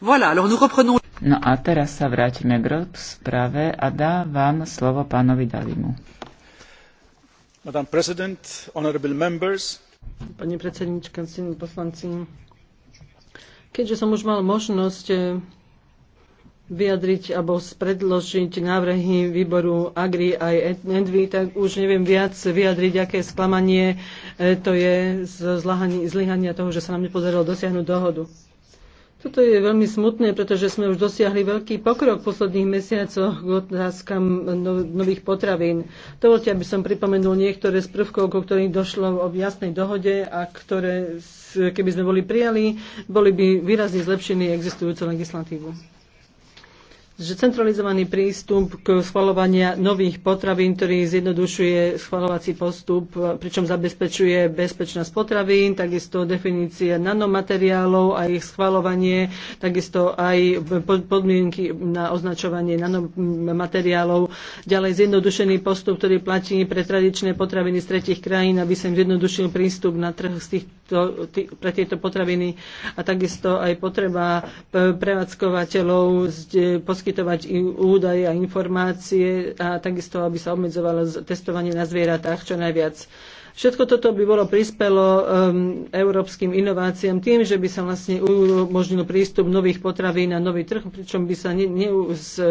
Voilà, alors nous reprenons... No a teraz sa vrátime k rozprave a dávam slovo pánovi Dalimu. President, honorable members. Pani predsednička, ctení poslanci, keďže som už mal možnosť eh, vyjadriť alebo predložiť návrhy výboru Agri aj Envy, tak už neviem viac vyjadriť, aké sklamanie eh, to je z zlyhania toho, že sa nám nepodarilo dosiahnuť dohodu. Toto je veľmi smutné, pretože sme už dosiahli veľký pokrok v posledných mesiacoch k otázkam no, nových potravín. Dovolte, aby som pripomenul niektoré z prvkov, ko ktorých došlo o jasnej dohode a ktoré, keby sme boli prijali, boli by výrazne zlepšení existujúcu legislatívu že centralizovaný prístup k schvalovania nových potravín, ktorý zjednodušuje schvalovací postup, pričom zabezpečuje bezpečnosť potravín, takisto definícia nanomateriálov a ich schvalovanie, takisto aj podmienky na označovanie nanomateriálov, ďalej zjednodušený postup, ktorý platí pre tradičné potraviny z tretich krajín, aby sa zjednodušil prístup na trh z tých, to, tý, pre tieto potraviny a takisto aj potreba e, prevádzkovateľov poskytovať údaje a informácie a takisto, aby sa obmedzovalo testovanie na zvieratách čo najviac. Všetko toto by bolo prispelo um, európskym inováciám tým, že by sa vlastne umožnil prístup nových potravín na nový trh, pričom by sa ne, ne, z,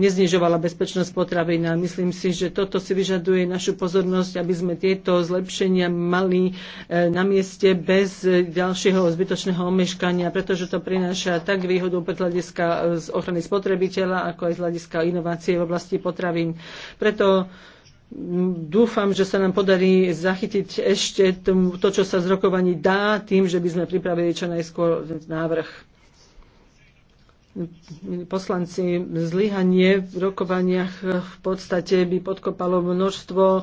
neznižovala bezpečnosť potravín. A myslím si, že toto si vyžaduje našu pozornosť, aby sme tieto zlepšenia mali e, na mieste bez ďalšieho zbytočného omeškania, pretože to prináša tak výhodu pre hľadiska eh, z ochrany spotrebiteľa, ako aj z hľadiska inovácie v oblasti potravín. Preto dúfam, že sa nám podarí zachytiť ešte to, čo sa z rokovaní dá, tým, že by sme pripravili čo najskôr návrh poslanci zlyhanie v rokovaniach v podstate by podkopalo množstvo e,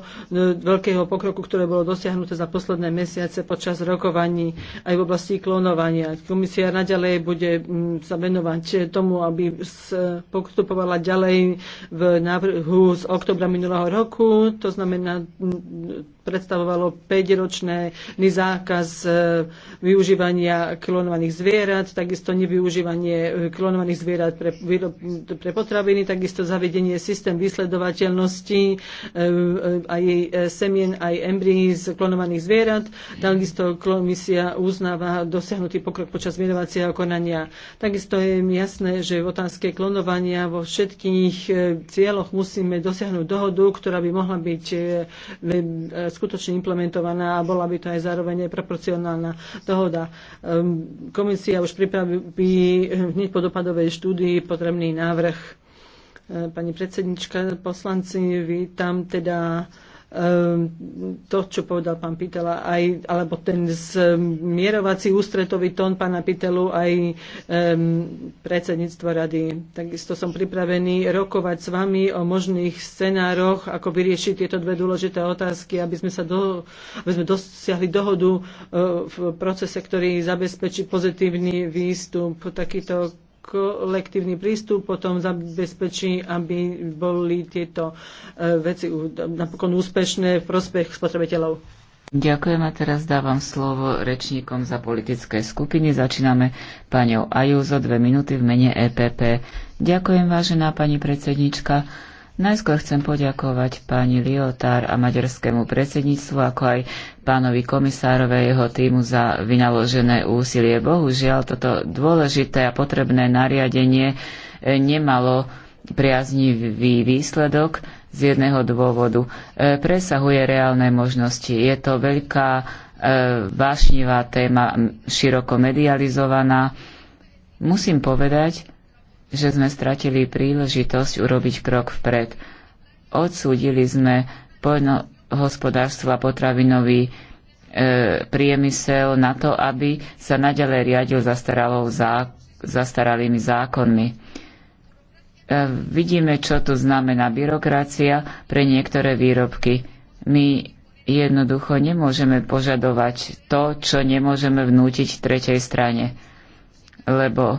veľkého pokroku, ktoré bolo dosiahnuté za posledné mesiace počas rokovaní aj v oblasti klonovania. Komisia naďalej bude mm, sa venovať tomu, aby postupovala ďalej v návrhu z oktobra minulého roku, to znamená mm, predstavovalo 5-ročný zákaz e, využívania klonovaných zvierat, takisto nevyužívanie e, klonovaných zvierat pre, pre potraviny, takisto zavedenie systém vysledovateľnosti e, aj semien, aj embryí z klonovaných zvierat. Takisto komisia uznáva dosiahnutý pokrok počas mierovacieho konania. Takisto je jasné, že v otázke klonovania vo všetkých cieľoch musíme dosiahnuť dohodu, ktorá by mohla byť skutočne implementovaná a bola by to aj zároveň aj proporcionálna dohoda. Ehm, komisia už pripraví hneď po dopadovej štúdii potrebný návrh. Ehm, pani predsednička, poslanci, vítam teda Ehm, to, čo povedal pán Pitela, aj, alebo ten zmierovací ehm, ústretový tón pána Pitelu aj um, predsedníctvo rady. Takisto som pripravený rokovať s vami o možných scenároch, ako vyriešiť tieto dve dôležité otázky, aby sme, sa do, aby sme dosiahli dohodu uh, v procese, ktorý zabezpečí pozitívny výstup. Takýto kolektívny prístup potom zabezpečí, aby boli tieto e, veci napokon úspešné v prospech spotrebiteľov. Ďakujem a teraz dávam slovo rečníkom za politické skupiny. Začíname pani Ajúzo, dve minúty v mene EPP. Ďakujem, vážená pani predsednička. Najskôr chcem poďakovať pani Liotár a maďarskému predsedníctvu, ako aj pánovi komisárove jeho týmu za vynaložené úsilie. Bohužiaľ, toto dôležité a potrebné nariadenie eh, nemalo priaznivý výsledok z jedného dôvodu. Eh, presahuje reálne možnosti. Je to veľká eh, vášnivá téma, široko medializovaná. Musím povedať, že sme stratili príležitosť urobiť krok vpred. Odsúdili sme poľnohospodárstvo a potravinový e, priemysel na to, aby sa naďalej riadil zá, zastaralými zákonmi. E, vidíme, čo tu znamená byrokracia pre niektoré výrobky. My jednoducho nemôžeme požadovať to, čo nemôžeme vnútiť tretej strane. Lebo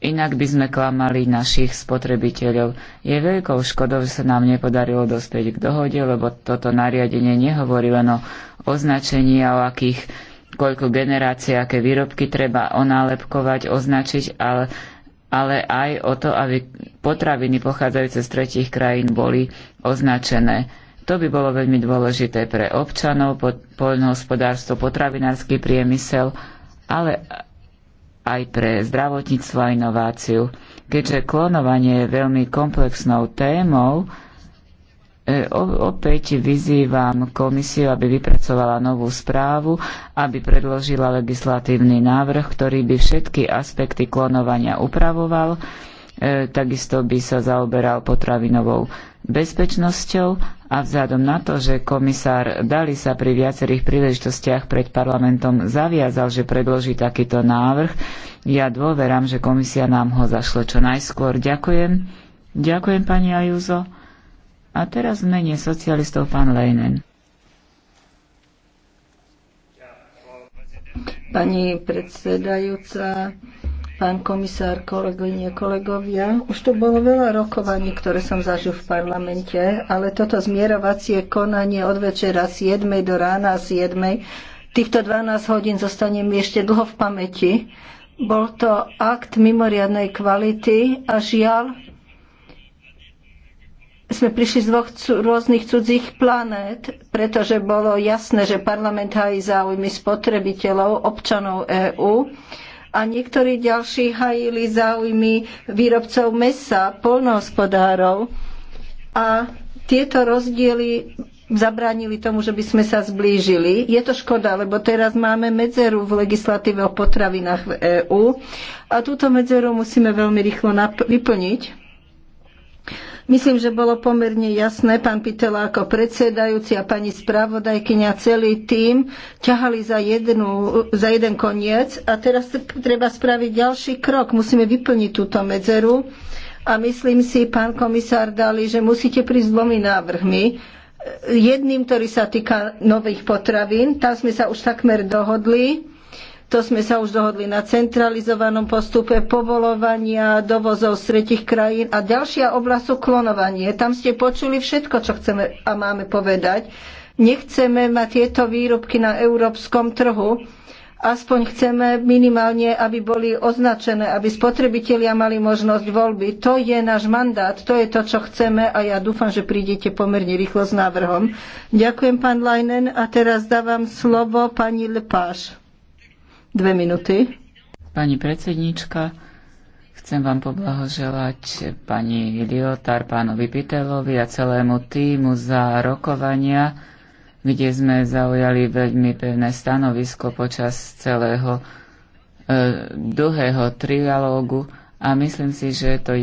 Inak by sme klamali našich spotrebiteľov. Je veľkou škodou, že sa nám nepodarilo dospieť k dohode, lebo toto nariadenie nehovorí len o označení a o akých koľko generácií, aké výrobky treba onálepkovať, označiť, ale, ale aj o to, aby potraviny pochádzajúce z tretich krajín boli označené. To by bolo veľmi dôležité pre občanov, poľnohospodárstvo, potravinársky priemysel, ale aj pre zdravotníctvo a inováciu. Keďže klonovanie je veľmi komplexnou témou, e, opäť vyzývam komisiu, aby vypracovala novú správu, aby predložila legislatívny návrh, ktorý by všetky aspekty klonovania upravoval. E, takisto by sa zaoberal potravinovou bezpečnosťou a vzhľadom na to, že komisár Dali sa pri viacerých príležitostiach pred parlamentom zaviazal, že predloží takýto návrh, ja dôverám, že komisia nám ho zašle čo najskôr. Ďakujem. Ďakujem, pani Ajúzo. A teraz v mene socialistov pán Lejnen. Pani predsedajúca, pán komisár, kolegyne, kolegovia. Už tu bolo veľa rokovaní, ktoré som zažil v parlamente, ale toto zmierovacie konanie od večera 7. do rána 7. Týchto 12 hodín zostane mi ešte dlho v pamäti. Bol to akt mimoriadnej kvality a žiaľ, sme prišli z dvoch rôznych cudzích planét, pretože bolo jasné, že parlament hájí záujmy spotrebiteľov, občanov EÚ. EU a niektorí ďalší hajili záujmy výrobcov mesa, polnohospodárov a tieto rozdiely zabránili tomu, že by sme sa zblížili. Je to škoda, lebo teraz máme medzeru v legislatíve o potravinách v EÚ a túto medzeru musíme veľmi rýchlo vyplniť. Myslím, že bolo pomerne jasné, pán Pitela ako predsedajúci a pani spravodajkyňa celý tým ťahali za, jednu, za jeden koniec a teraz treba spraviť ďalší krok. Musíme vyplniť túto medzeru a myslím si, pán komisár Dali, že musíte prísť dvomi návrhmi. Jedným, ktorý sa týka nových potravín, tam sme sa už takmer dohodli to sme sa už dohodli na centralizovanom postupe povolovania dovozov z tretich krajín. A ďalšia oblasť sú klonovanie. Tam ste počuli všetko, čo chceme a máme povedať. Nechceme mať tieto výrobky na európskom trhu. Aspoň chceme minimálne, aby boli označené, aby spotrebitelia mali možnosť voľby. To je náš mandát, to je to, čo chceme a ja dúfam, že prídete pomerne rýchlo s návrhom. Ďakujem, pán Lajnen, a teraz dávam slovo pani Lepáš. Dve minuty. Pani predsednička, chcem vám poblahoželať pani Liotar, pánovi Pitelovi a celému týmu za rokovania, kde sme zaujali veľmi pevné stanovisko počas celého e, dlhého trialógu a myslím si, že to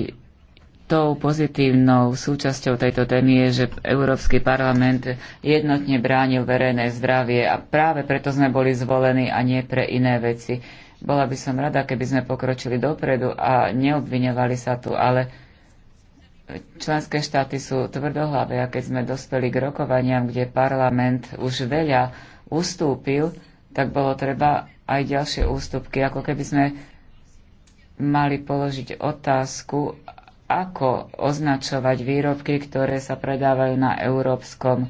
tou pozitívnou súčasťou tejto témy je, že Európsky parlament jednotne bránil verejné zdravie a práve preto sme boli zvolení a nie pre iné veci. Bola by som rada, keby sme pokročili dopredu a neobviňovali sa tu, ale členské štáty sú tvrdohlavé a keď sme dospeli k rokovaniam, kde parlament už veľa ustúpil, tak bolo treba aj ďalšie ústupky, ako keby sme mali položiť otázku, ako označovať výrobky, ktoré sa predávajú na európskom e,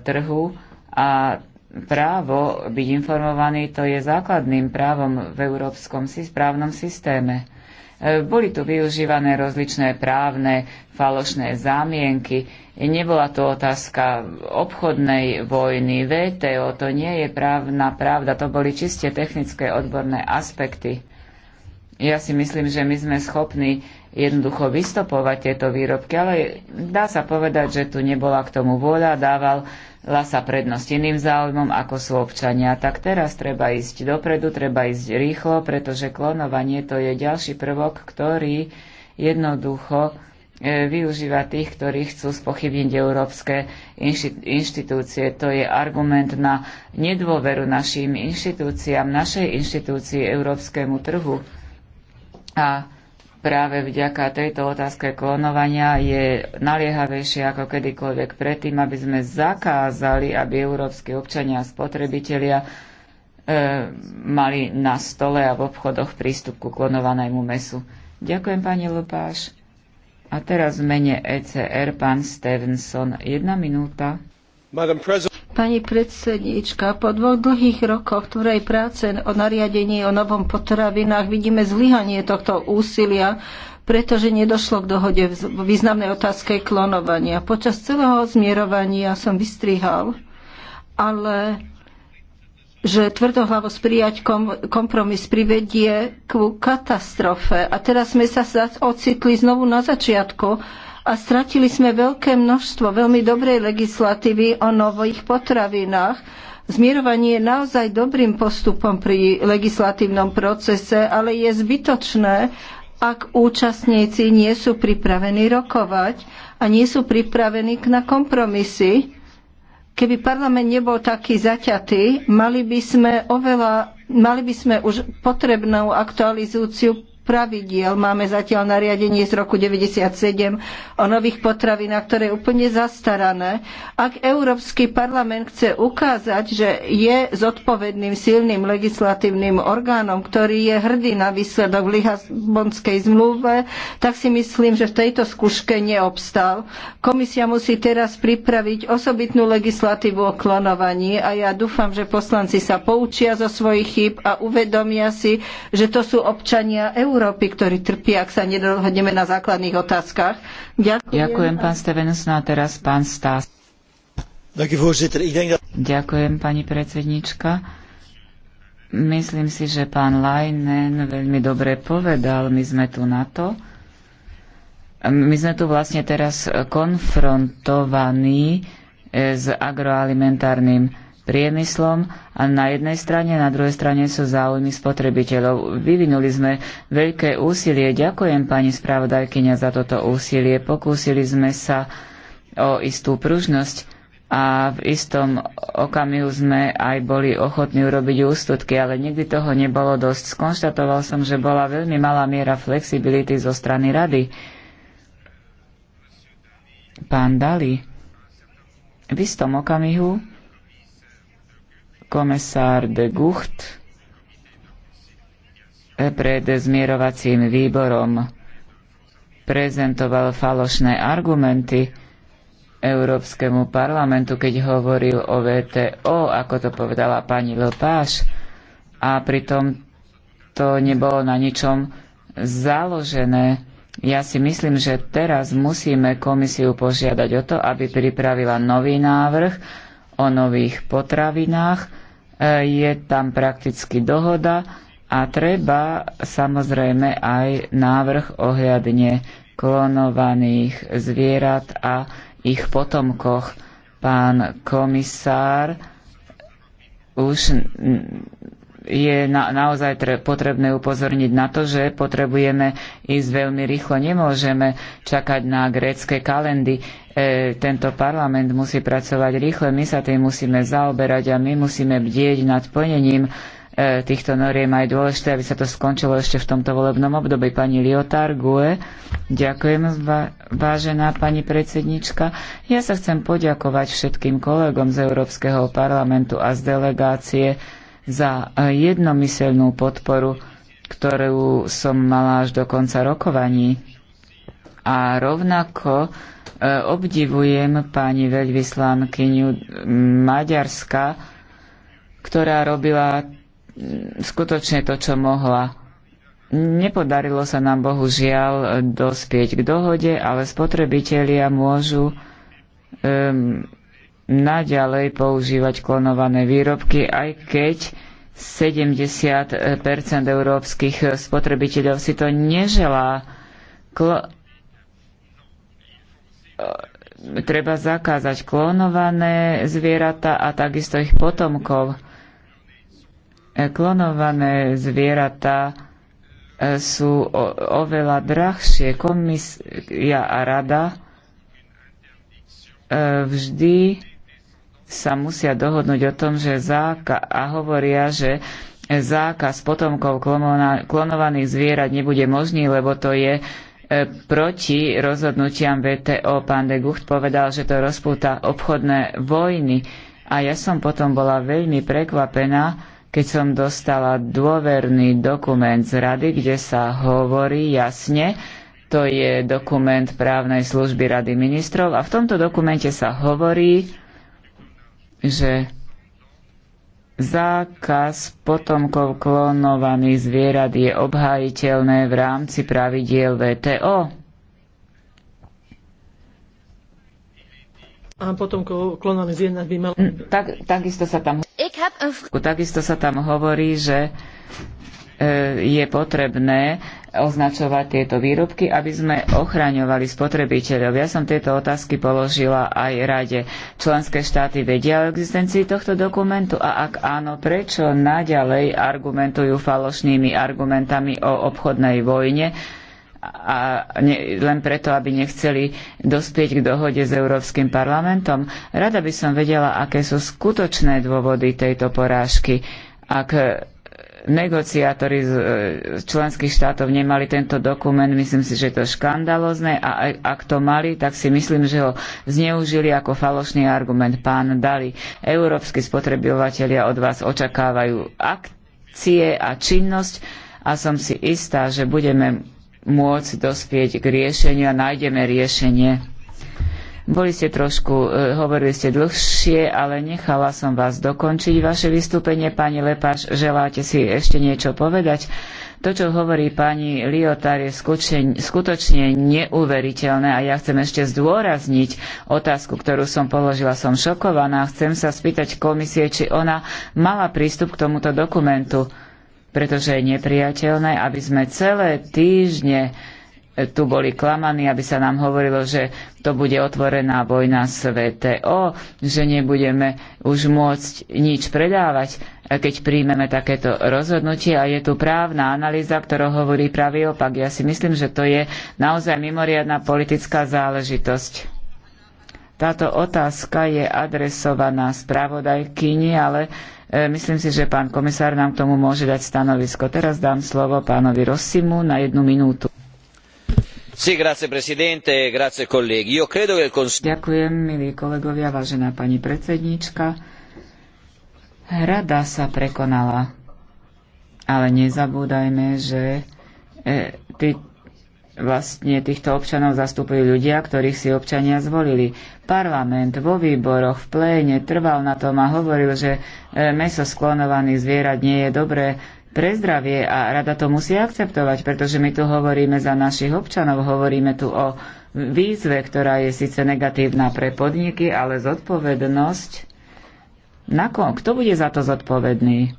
trhu a právo byť informovaný to je základným právom v európskom právnom systéme. E, boli tu využívané rozličné právne falošné zámienky. Nebola to otázka obchodnej vojny, VTO, to nie je právna pravda, to boli čiste technické odborné aspekty. Ja si myslím, že my sme schopní jednoducho vystopovať tieto výrobky, ale dá sa povedať, že tu nebola k tomu vôľa, dával sa prednosť iným záujmom, ako sú občania. Tak teraz treba ísť dopredu, treba ísť rýchlo, pretože klonovanie to je ďalší prvok, ktorý jednoducho e, využíva tých, ktorí chcú spochybniť európske inštitúcie. To je argument na nedôveru našim inštitúciám, našej inštitúcii, európskemu trhu. A práve vďaka tejto otázke klonovania je naliehavejšie ako kedykoľvek predtým, aby sme zakázali, aby európsky občania a spotrebitelia e, mali na stole a v obchodoch prístup ku klonovanému mesu. Ďakujem, pani Lopáš. A teraz v mene ECR pán Stevenson. Jedna minúta. Pani predsednička, po dvoch dlhých rokoch, ktorej práce o nariadení o novom potravinách vidíme zlyhanie tohto úsilia, pretože nedošlo k dohode v významnej otázke klonovania. Počas celého zmierovania som vystrihal, ale že tvrdohlavosť prijať kom, kompromis privedie ku katastrofe. A teraz sme sa ocitli znovu na začiatku a stratili sme veľké množstvo veľmi dobrej legislatívy o nových potravinách. Zmierovanie je naozaj dobrým postupom pri legislatívnom procese, ale je zbytočné, ak účastníci nie sú pripravení rokovať a nie sú pripravení na kompromisy. Keby parlament nebol taký zaťatý, mali by sme oveľa, mali by sme už potrebnú aktualizáciu pravidiel. Máme zatiaľ nariadenie z roku 97 o nových potravinách, ktoré je úplne zastarané. Ak Európsky parlament chce ukázať, že je zodpovedným silným legislatívnym orgánom, ktorý je hrdý na výsledok v Lisabonskej zmluve, tak si myslím, že v tejto skúške neobstal. Komisia musí teraz pripraviť osobitnú legislatívu o klonovaní a ja dúfam, že poslanci sa poučia zo svojich chýb a uvedomia si, že to sú občania Európy Európy, ktorí trpia, ak sa nedohodneme na základných otázkach. Ďakujem. Ďakujem, pán Stevenus. No a teraz pán Stás. Ďakujem, pani predsednička. Myslím si, že pán Leinen veľmi dobre povedal, my sme tu na to. My sme tu vlastne teraz konfrontovaní eh, s agroalimentárnym priemyslom a na jednej strane, na druhej strane sú záujmy spotrebiteľov. Vyvinuli sme veľké úsilie. Ďakujem pani spravodajkyňa za toto úsilie. Pokúsili sme sa o istú pružnosť a v istom okamihu sme aj boli ochotní urobiť ústudky, ale nikdy toho nebolo dosť. Skonštatoval som, že bola veľmi malá miera flexibility zo strany rady. Pán Dali, v istom okamihu komisár de Gucht pred zmierovacím výborom prezentoval falošné argumenty Európskemu parlamentu, keď hovoril o VTO, ako to povedala pani Lepáš, a pritom to nebolo na ničom založené. Ja si myslím, že teraz musíme komisiu požiadať o to, aby pripravila nový návrh o nových potravinách, je tam prakticky dohoda a treba samozrejme aj návrh ohľadne klonovaných zvierat a ich potomkoch. Pán komisár už je na, naozaj tre, potrebné upozorniť na to, že potrebujeme ísť veľmi rýchlo. Nemôžeme čakať na grécké kalendy. E, tento parlament musí pracovať rýchle, my sa tým musíme zaoberať a my musíme bdieť nad plnením e, týchto noriem. aj dôležité, aby sa to skončilo ešte v tomto volebnom období. Pani Liotár Gue, ďakujem vážená pani predsednička. Ja sa chcem poďakovať všetkým kolegom z Európskeho parlamentu a z delegácie za eh, jednomyselnú podporu, ktorú som mala až do konca rokovaní. A rovnako eh, obdivujem pani veľvyslankyňu Maďarska, ktorá robila skutočne to, čo mohla. Nepodarilo sa nám bohužiaľ eh, dospieť k dohode, ale spotrebitelia môžu um, naďalej používať klonované výrobky, aj keď 70 európskych spotrebiteľov si to neželá. Klo- e, treba zakázať klonované zvieratá a takisto ich potomkov. E, klonované zvieratá e, sú oveľa drahšie. Komisia a rada vždy sa musia dohodnúť o tom, že záka a hovoria, že zákaz potomkov klonovaných zvierat nebude možný, lebo to je e, proti rozhodnutiam VTO. Pán de Gucht povedal, že to rozpúta obchodné vojny. A ja som potom bola veľmi prekvapená, keď som dostala dôverný dokument z rady, kde sa hovorí jasne, to je dokument právnej služby rady ministrov a v tomto dokumente sa hovorí, že zákaz potomkov klonovaných zvierat je obhájiteľné v rámci pravidiel VTO. A potom klonovaných zvierat by malo... Mm, tak, takisto, sa tam... takisto sa tam hovorí, že e, je potrebné označovať tieto výrobky, aby sme ochraňovali spotrebiteľov. Ja som tieto otázky položila aj Rade. Členské štáty vedia o existencii tohto dokumentu a ak áno, prečo naďalej argumentujú falošnými argumentami o obchodnej vojne a ne, len preto, aby nechceli dospieť k dohode s Európskym parlamentom. Rada by som vedela, aké sú skutočné dôvody tejto porážky. Ak negociátori e, z členských štátov nemali tento dokument, myslím si, že je to škandalozne a ak to mali, tak si myslím, že ho zneužili ako falošný argument. Pán Dali, európsky spotrebitelia od vás očakávajú akcie a činnosť a som si istá, že budeme môcť dospieť k riešeniu a nájdeme riešenie. Boli ste trošku, e, hovorili ste dlhšie, ale nechala som vás dokončiť vaše vystúpenie. Pani Lepáš, želáte si ešte niečo povedať? To, čo hovorí pani Liotár, je skutočne neuveriteľné a ja chcem ešte zdôrazniť otázku, ktorú som položila. Som šokovaná. Chcem sa spýtať komisie, či ona mala prístup k tomuto dokumentu, pretože je nepriateľné, aby sme celé týždne tu boli klamaní, aby sa nám hovorilo, že to bude otvorená vojna s VTO, že nebudeme už môcť nič predávať, keď príjmeme takéto rozhodnutie. A je tu právna analýza, ktorá hovorí pravý opak. Ja si myslím, že to je naozaj mimoriadná politická záležitosť. Táto otázka je adresovaná spravodajkyni, ale e, myslím si, že pán komisár nám k tomu môže dať stanovisko. Teraz dám slovo pánovi Rossimu na jednu minútu. Ďakujem, milí kolegovia, vážená pani predsedníčka. Rada sa prekonala. Ale nezabúdajme, že e, vlastne týchto občanov zastupujú ľudia, ktorých si občania zvolili. Parlament vo výboroch, v pléne trval na tom a hovoril, že e, meso sklonovaných zvierat nie je dobré, pre zdravie a rada to musí akceptovať, pretože my tu hovoríme za našich občanov, hovoríme tu o výzve, ktorá je síce negatívna pre podniky, ale zodpovednosť. kom? kto bude za to zodpovedný?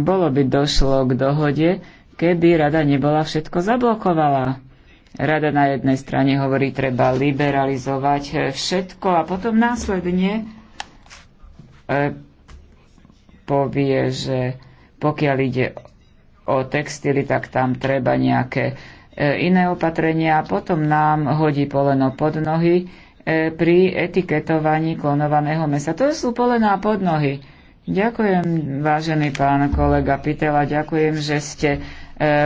Bolo by došlo k dohode, keby rada nebola všetko zablokovala. Rada na jednej strane hovorí, treba liberalizovať všetko a potom následne e, povie, že pokiaľ ide o textily, tak tam treba nejaké e, iné opatrenia a potom nám hodí poleno pod nohy e, pri etiketovaní klonovaného mesa. To sú polená pod nohy. Ďakujem, vážený pán kolega Pitela, ďakujem, že ste e,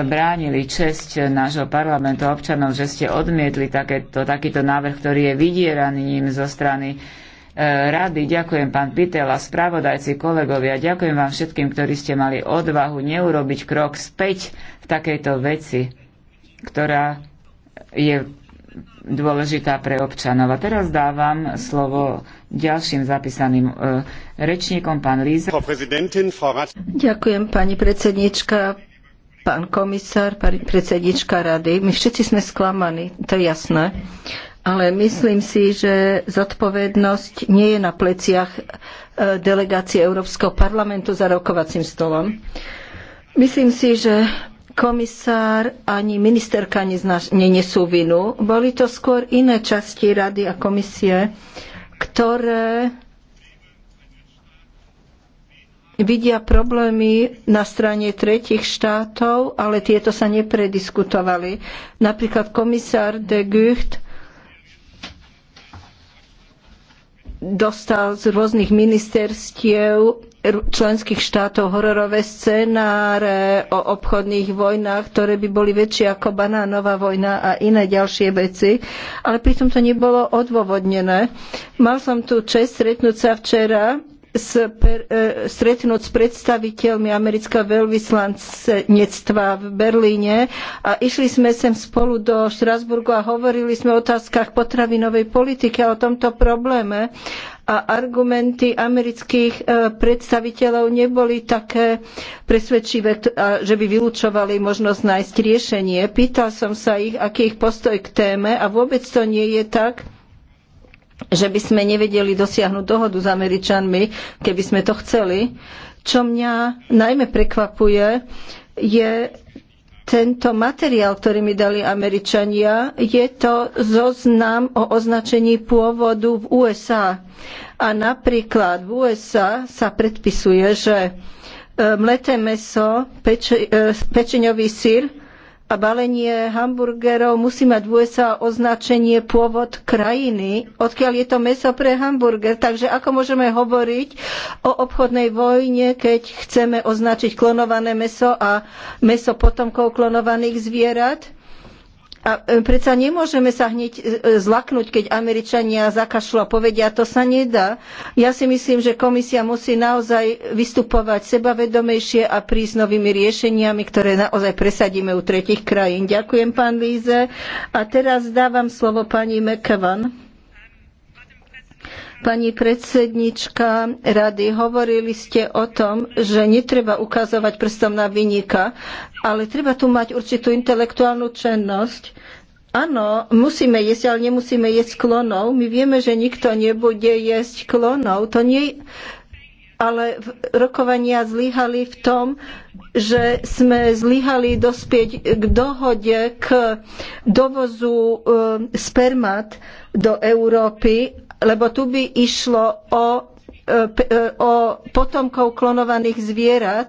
bránili česť nášho parlamentu občanov, že ste odmietli takéto, takýto návrh, ktorý je vydieraním zo strany E, rady. Ďakujem pán a spravodajci, kolegovia. Ďakujem vám všetkým, ktorí ste mali odvahu neurobiť krok späť v takejto veci, ktorá je dôležitá pre občanov. A teraz dávam slovo ďalším zapísaným e, rečníkom, pán Líze. Ďakujem, pani predsednička, pán komisár, pani predsednička rady. My všetci sme sklamaní, to je jasné ale myslím si, že zodpovednosť nie je na pleciach e, delegácie Európskeho parlamentu za rokovacím stolom. Myslím si, že komisár ani ministerka nenesú vinu. Boli to skôr iné časti rady a komisie, ktoré vidia problémy na strane tretich štátov, ale tieto sa neprediskutovali. Napríklad komisár de Gucht dostal z rôznych ministerstiev členských štátov hororové scenáre o obchodných vojnách, ktoré by boli väčšie ako banánová vojna a iné ďalšie veci, ale pritom to nebolo odôvodnené. Mal som tu čest stretnúť sa včera E, stretnúť s predstaviteľmi amerického veľvyslanectva v Berlíne a išli sme sem spolu do Štrasburgu a hovorili sme o otázkach potravinovej politiky a o tomto probléme a argumenty amerických e, predstaviteľov neboli také presvedčivé, že by vylúčovali možnosť nájsť riešenie. Pýtal som sa ich, aký je ich postoj k téme a vôbec to nie je tak, že by sme nevedeli dosiahnuť dohodu s Američanmi, keby sme to chceli. Čo mňa najmä prekvapuje, je tento materiál, ktorý mi dali Američania, je to zoznam o označení pôvodu v USA. A napríklad v USA sa predpisuje, že e, mleté meso, peč- e, pečeňový syr a balenie hamburgerov musí mať v USA označenie pôvod krajiny, odkiaľ je to meso pre hamburger. Takže ako môžeme hovoriť o obchodnej vojne, keď chceme označiť klonované meso a meso potomkov klonovaných zvierat? A e, predsa nemôžeme sa hneď e, e, zlaknúť, keď Američania zakašľú a povedia, to sa nedá. Ja si myslím, že komisia musí naozaj vystupovať sebavedomejšie a prísť novými riešeniami, ktoré naozaj presadíme u tretich krajín. Ďakujem, pán Líze. A teraz dávam slovo pani McEvan. Pani predsednička rady, hovorili ste o tom, že netreba ukazovať prstom na vynika, ale treba tu mať určitú intelektuálnu čennosť. Áno, musíme jesť, ale nemusíme jesť klonov. My vieme, že nikto nebude jesť klonov. To nie, ale rokovania zlyhali v tom, že sme zlyhali dospieť k dohode k dovozu e, spermat do Európy lebo tu by išlo o e, e, o potomkov klonovaných zvierat.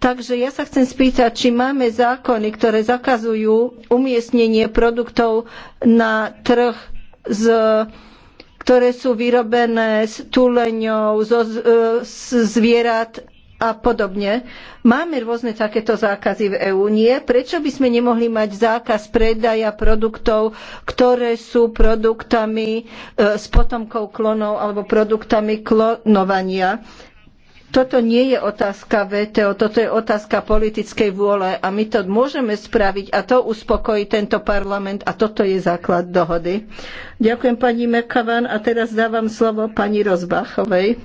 Takže ja sa chcem spýtať, či máme zákony, ktoré zakazujú umiestnenie produktov na trh, z, ktoré sú vyrobené z tuleňov, zo z, e, z zvierat a podobne. Máme rôzne takéto zákazy v EÚ. Nie, prečo by sme nemohli mať zákaz predaja produktov, ktoré sú produktami e, s potomkou klonov alebo produktami klonovania? Toto nie je otázka VTO, toto je otázka politickej vôle a my to môžeme spraviť a to uspokojí tento parlament a toto je základ dohody. Ďakujem pani Mekavan a teraz dávam slovo pani Rozbachovej.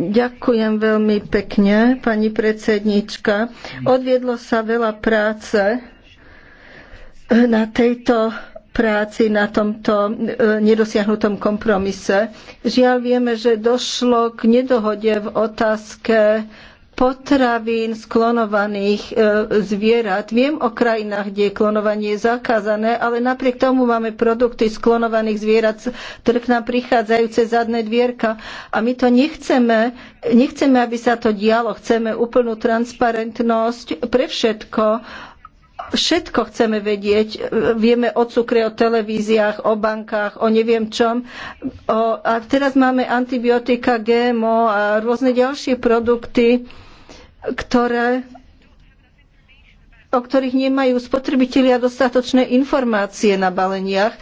Ďakujem veľmi pekne, pani predsednička. Odviedlo sa veľa práce eh, na tejto práci na tomto eh, nedosiahnutom kompromise. Žiaľ vieme, že došlo k nedohode v otázke potravín sklonovaných e, zvierat. Viem o krajinách, kde je klonovanie je zakázané, ale napriek tomu máme produkty sklonovaných zvierat, ktoré k nám prichádzajú cez zadné dvierka. A my to nechceme, nechceme, aby sa to dialo. Chceme úplnú transparentnosť pre všetko všetko chceme vedieť. Vieme o cukre, o televíziách, o bankách, o neviem čom. O, a teraz máme antibiotika, GMO a rôzne ďalšie produkty, ktoré o ktorých nemajú spotrebitelia dostatočné informácie na baleniach,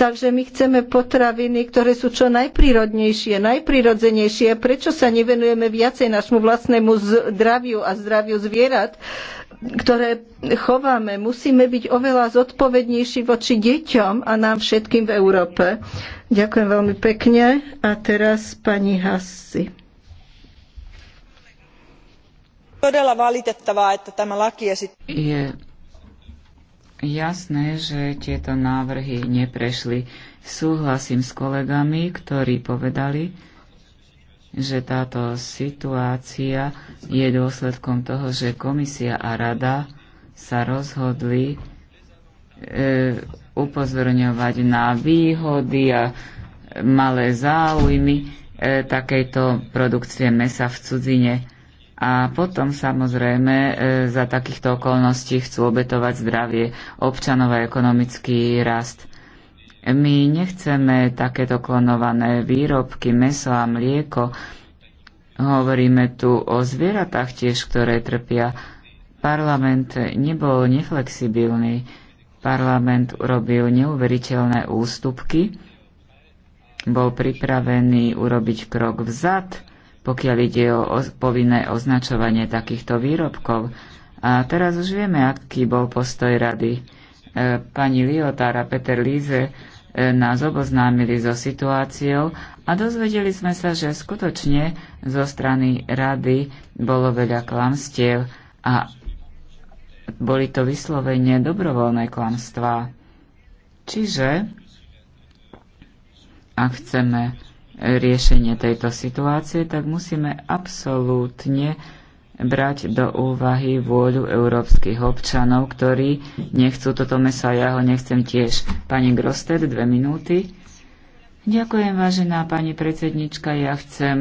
Takže my chceme potraviny, ktoré sú čo najprirodnejšie, najprirodzenejšie. Prečo sa nevenujeme viacej našmu vlastnému zdraviu a zdraviu zvierat, ktoré chováme? Musíme byť oveľa zodpovednejší voči deťom a nám všetkým v Európe. Ďakujem veľmi pekne. A teraz pani Hassi. Todella valitettavaa, että tämä lakiesitys... Je jasné, že tieto návrhy neprešli. Súhlasím s kolegami, ktorí povedali, že táto situácia je dôsledkom toho, že komisia a rada sa rozhodli e, upozorňovať na výhody a malé záujmy e, takejto produkcie mesa v cudzine a potom samozrejme e, za takýchto okolností chcú obetovať zdravie občanov a ekonomický rast. My nechceme takéto klonované výrobky, meso a mlieko. Hovoríme tu o zvieratách tiež, ktoré trpia. Parlament nebol neflexibilný. Parlament urobil neuveriteľné ústupky. Bol pripravený urobiť krok vzad pokiaľ ide o povinné označovanie takýchto výrobkov. A teraz už vieme, aký bol postoj rady. E, pani Liotár a Peter Líze e, nás oboznámili so situáciou a dozvedeli sme sa, že skutočne zo strany rady bolo veľa klamstiev a boli to vyslovene dobrovoľné klamstvá. Čiže, ak chceme riešenie tejto situácie, tak musíme absolútne brať do úvahy vôľu európskych občanov, ktorí nechcú toto meso a ja ho nechcem tiež. Pani Grosted, dve minúty. Ďakujem, vážená pani predsednička. Ja chcem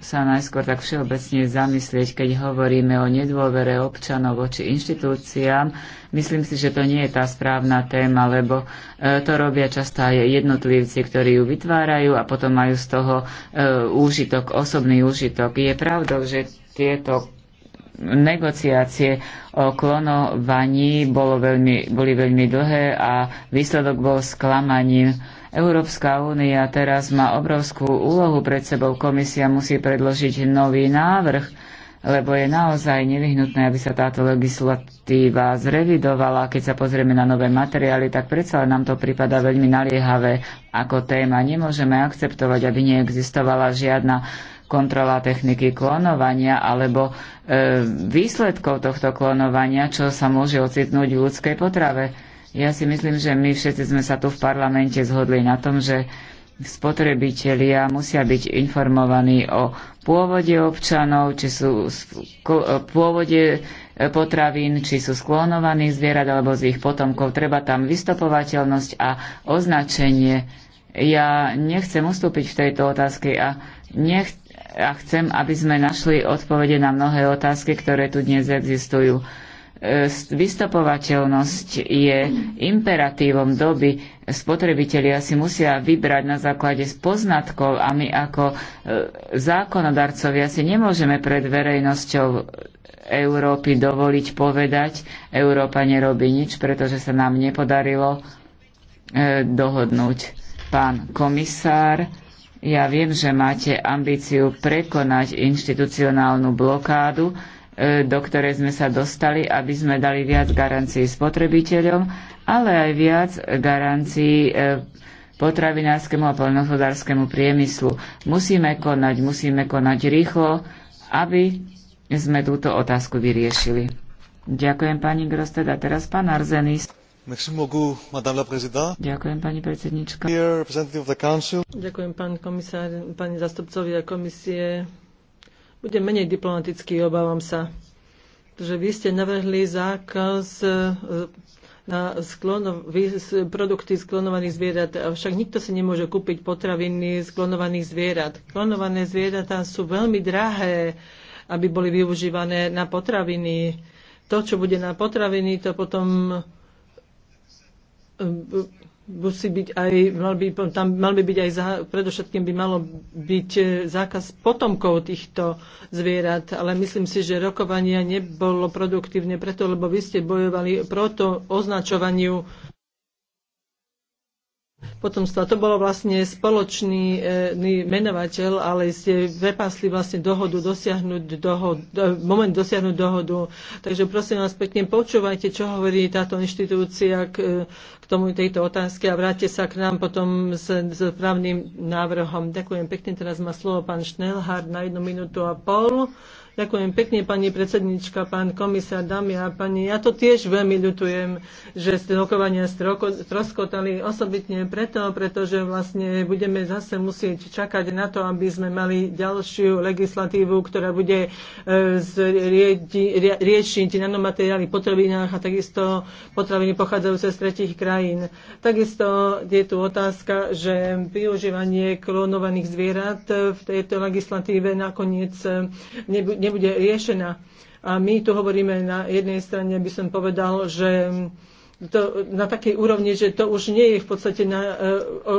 sa najskôr tak všeobecne zamyslieť, keď hovoríme o nedôvere občanov voči inštitúciám. Myslím si, že to nie je tá správna téma, lebo e, to robia často aj jednotlivci, ktorí ju vytvárajú a potom majú z toho e, úžitok, osobný úžitok. Je pravdou, že tieto negociácie o klonovaní bolo veľmi, boli veľmi dlhé a výsledok bol sklamaním Európska únia teraz má obrovskú úlohu pred sebou. Komisia musí predložiť nový návrh, lebo je naozaj nevyhnutné, aby sa táto legislatíva zrevidovala. Keď sa pozrieme na nové materiály, tak predsa nám to prípada veľmi naliehavé ako téma. Nemôžeme akceptovať, aby neexistovala žiadna kontrola techniky klonovania alebo e, výsledkov tohto klonovania, čo sa môže ocitnúť v ľudskej potrave ja si myslím, že my všetci sme sa tu v parlamente zhodli na tom, že spotrebitelia musia byť informovaní o pôvode občanov, či sú e, pôvode e, potravín, či sú sklonovaní zvierat alebo z ich potomkov. Treba tam vystopovateľnosť a označenie. Ja nechcem ustúpiť v tejto otázke a, nech, a chcem, aby sme našli odpovede na mnohé otázky, ktoré tu dnes existujú. E, vystopovateľnosť je imperatívom doby. Spotrebitelia si musia vybrať na základe poznatkov a my ako e, zákonodarcovia si nemôžeme pred verejnosťou Európy dovoliť povedať, Európa nerobí nič, pretože sa nám nepodarilo e, dohodnúť. Pán komisár, ja viem, že máte ambíciu prekonať inštitucionálnu blokádu, E, do ktorej sme sa dostali, aby sme dali viac garancií spotrebiteľom, ale aj viac garancií e, potravinárskemu a poľnohospodárskému priemyslu. Musíme konať, musíme konať rýchlo, aby sme túto otázku vyriešili. Ďakujem pani Grosted a teraz pán Arzenis. Ďakujem, pani predsednička. Ďakujem, pán komisár, pani zastupcovia komisie, budem menej diplomatický, obávam sa. Že vy ste navrhli zákaz e, e, na sklonov, produkty sklonovaných zvierat. Avšak nikto si nemôže kúpiť potraviny sklonovaných zvierat. Klonované zvieratá sú veľmi drahé, aby boli využívané na potraviny. To, čo bude na potraviny, to potom e, musí byť aj, mal by, tam mal by byť aj, za, predovšetkým by malo byť e, zákaz potomkov týchto zvierat, ale myslím si, že rokovania nebolo produktívne preto, lebo vy ste bojovali proto označovaniu potomstva. To bolo vlastne spoločný e, menovateľ, ale ste prepasli vlastne dohodu, dosiahnuť dohodu, moment dosiahnuť dohodu. Takže prosím vás pekne, počúvajte, čo hovorí táto inštitúcia k, k tomu tejto otázke a vráte sa k nám potom s, s právnym návrhom. Ďakujem pekne, teraz má slovo pán Šnelhard na jednu minútu a pol. Ďakujem pekne, pani predsednička, pán komisár, dámy a pani. Ja to tiež veľmi ľutujem, že ste rokovania stroskotali osobitne preto, pretože vlastne budeme zase musieť čakať na to, aby sme mali ďalšiu legislatívu, ktorá bude e, riešiť nanomateriály v potravinách a takisto potraviny pochádzajúce z tretich krajín. Takisto je tu otázka, že využívanie klonovaných zvierat v tejto legislatíve nakoniec nebude nebude riešená. A my tu hovoríme na jednej strane, by som povedal, že to, na takej úrovni, že to už nie je v podstate na, e, o,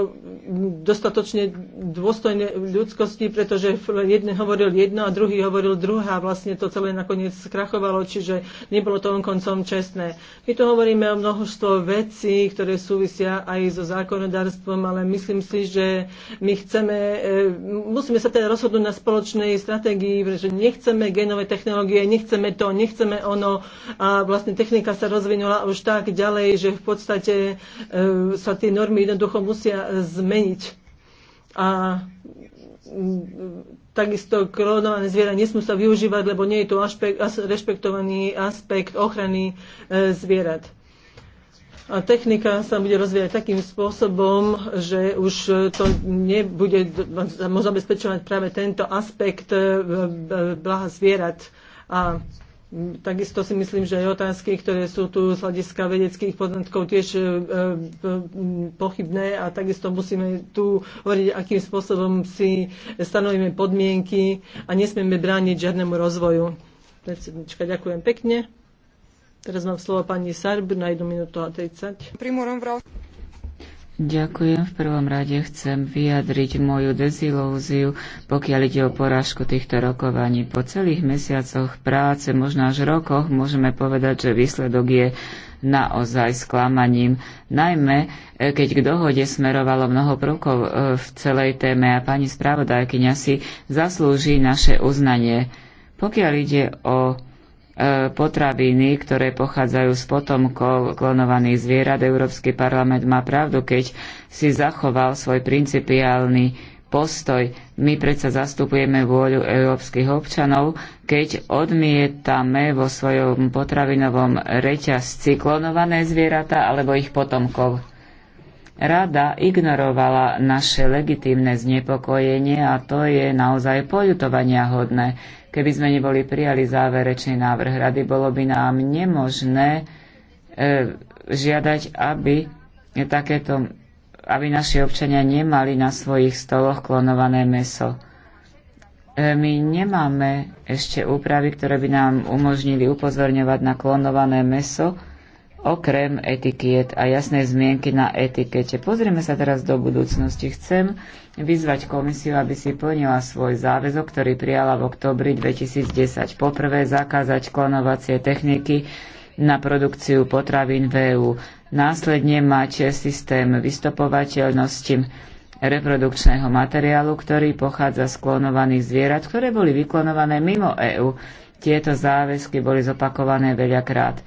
dostatočne dôstojné ľudskosti, pretože jeden hovoril jedno a druhý hovoril druhá. Vlastne to celé nakoniec skrachovalo, čiže nebolo to on koncom čestné. My tu hovoríme o množstvo vecí, ktoré súvisia aj so zákonodárstvom, ale myslím si, že my chceme, e, musíme sa teda rozhodnúť na spoločnej stratégii, pretože nechceme genové technológie, nechceme to, nechceme ono a vlastne technika sa rozvinula už tak ďalej ďalej, že v podstate e, sa tie normy jednoducho musia e, zmeniť. A mm, takisto klonované zviera nesmú sa využívať, lebo nie je tu aspekt, rešpektovaný aspekt ochrany e, zvierat. A technika sa bude rozvíjať takým spôsobom, že už to nebude zabezpečovať práve tento aspekt blaha zvierat. A Takisto si myslím, že aj otázky, ktoré sú tu z hľadiska vedeckých poznatkov tiež e, e, pochybné a takisto musíme tu hovoriť, akým spôsobom si stanovíme podmienky a nesmieme brániť žiadnemu rozvoju. Predsednička, ďakujem pekne. Teraz mám slovo pani Sarb na 1 minútu a 30. Ďakujem. V prvom rade chcem vyjadriť moju dezilúziu, pokiaľ ide o porážku týchto rokovaní. Po celých mesiacoch práce, možno až rokoch, môžeme povedať, že výsledok je naozaj sklamaním. Najmä, e, keď k dohode smerovalo mnoho prvkov e, v celej téme a pani spravodajkyňa si zaslúži naše uznanie. Pokiaľ ide o E, potraviny, ktoré pochádzajú z potomkov klonovaných zvierat. Európsky parlament má pravdu, keď si zachoval svoj principiálny postoj. My predsa zastupujeme vôľu európskych občanov, keď odmietame vo svojom potravinovom reťazci klonované zvieratá alebo ich potomkov. Rada ignorovala naše legitímne znepokojenie a to je naozaj poľutovania hodné. Keby sme neboli prijali záverečný návrh rady, bolo by nám nemožné e, žiadať, aby takéto aby naši občania nemali na svojich stoloch klonované meso. E, my nemáme ešte úpravy, ktoré by nám umožnili upozorňovať na klonované meso, okrem etikiet a jasnej zmienky na etikete. Pozrieme sa teraz do budúcnosti. Chcem vyzvať komisiu, aby si plnila svoj záväzok, ktorý prijala v oktobri 2010. Poprvé zakázať klonovacie techniky na produkciu potravín v EU. Následne mať systém vystopovateľnosti reprodukčného materiálu, ktorý pochádza z klonovaných zvierat, ktoré boli vyklonované mimo EÚ. Tieto záväzky boli zopakované veľakrát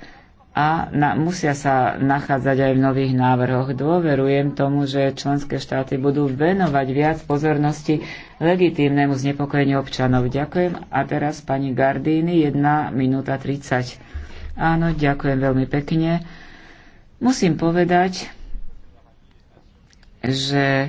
a na, musia sa nachádzať aj v nových návrhoch. Dôverujem tomu, že členské štáty budú venovať viac pozornosti legitímnemu znepokojeniu občanov. Ďakujem. A teraz pani Gardíny, 1 minúta 30. Áno, ďakujem veľmi pekne. Musím povedať, že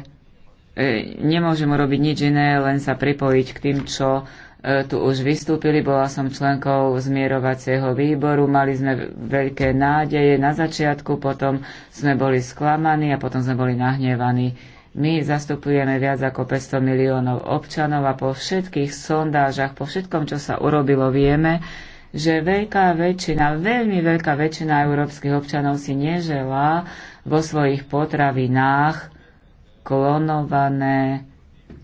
e, nemôžem urobiť nič iné, len sa pripojiť k tým, čo E, tu už vystúpili, bola som členkou zmierovacieho výboru, mali sme veľké nádeje na začiatku, potom sme boli sklamaní a potom sme boli nahnevaní. My zastupujeme viac ako 500 miliónov občanov a po všetkých sondážach, po všetkom, čo sa urobilo, vieme, že veľká väčšina, veľmi veľká väčšina európskych občanov si neželá vo svojich potravinách klonované